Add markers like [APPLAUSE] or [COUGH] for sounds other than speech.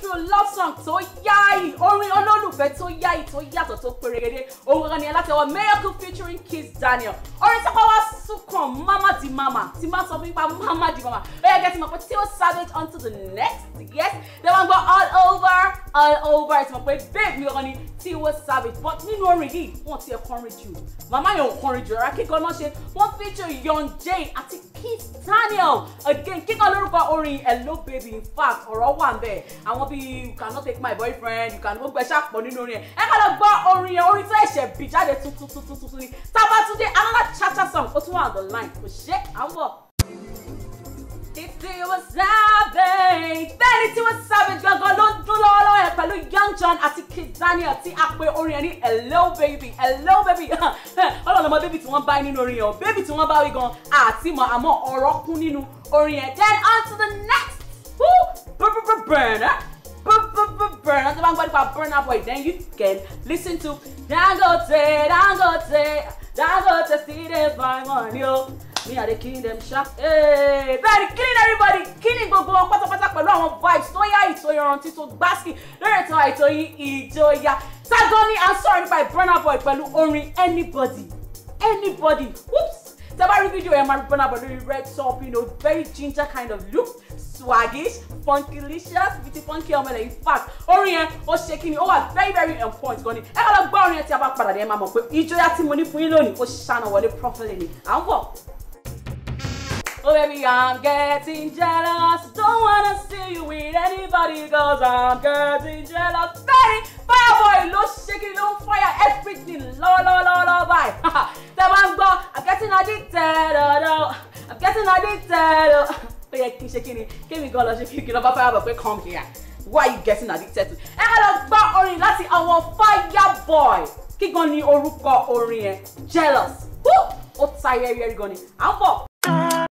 true love song tó yáàyì orin olólùfẹ́ tó yáàyì tó yàtọ̀ tó pérégedé òun kankan ni alátẹ̀wọ̀ miracle featuring Kiss Daniel orin tó kọ́ wá sùkàn mama di mama ti máa sọ fún ipa mama di mama ó yẹ kẹ́ ti mọ̀ pé tí ó savage until the next yes then wọ́n gbọ́ all over all over ti mọ̀ pé babe mi ọkàn ni Tiwo Savage but nínú orin yìí wọ́n ti ẹ̀ kọrin jù màmá yẹn ò kọrin jù rárá kíkan náà ṣe wọ́n feature Young Jane àti Keith Daniel again kíkan lórúkọ orin hello baby in fact ọ̀rọ̀ wà ń bẹ̀ àwọn bíi you cannot take my boyfriend you cannot gbẹ ṣàpọ̀ nínú orin yẹn ẹ ká lọ gbọ́ orin yẹn orin tó ẹ̀ṣẹ̀ bì jáde tuntun tuntun tuntun ni Tabatunde another cha cha song ó tún wà on the line kò ṣe àwọn. John àti Kid Daniel tí a pè orin yẹn ní hello baby hello baby [LAUGHS] ọlọ́run ọmọ baby tí wọ́n bá nínú orin yẹn o baby tí wọ́n bá wí gan àti mọ̀ àmọ́ ọ̀rọ̀ kún nínú orin yẹn then on to the next burner burner tí wọ́n gbọ́ nípa burner boy then you can listen to Dangote Dangote Dangote still dey buy money o me i dey kill dem sharp. bẹ́ẹ̀ ni killing everybody killing gbogbo ọpẹ́. Oyọ̀rántí tó gbásìn lórí ètò àìtó yín ìjọya Sagoni à ń sọ̀rọ̀ nípa ìbọ́nà boy pẹ̀lú orin anybody anybody whoops tẹ́ bá rí fídíò ẹ̀ máa rí bọ́nà boy lórí red top you know very ginger kind of look swaggish funkylicious beauty funky ọmọ ẹlẹ́yìn fat orin yẹn ó ṣe kí ni ó wà very very important, point gan ni ẹ bá lọ gbọ́ orin yẹn tí a bá padà dé ẹ máa mọ̀ pé ìjọyà tí mo ní fún yín lónìí ó ṣàna wọlé properly ni à ń wọ̀. Oh baby, I'm getting jealous see you with anybody cause I'm getting jealous. Very fire boy ló shaking kiri ló ń fire everything la la [LAUGHS] Tẹ bá ń gbọ́, I'm getting addicted ọ̀dọ̀, oh, I'm getting addicted ọ̀. Oh. Ó yẹ shaking, n ṣe kí ni, kémi it lọ fire boy pé come here. Why you getting addicted to? Ẹ ká lọ gbọ́ orin láti our fire boy. Kí gan ni orúkọ orin yẹn? Jealous. Who? Outside yẹ́rí going? I'm ni.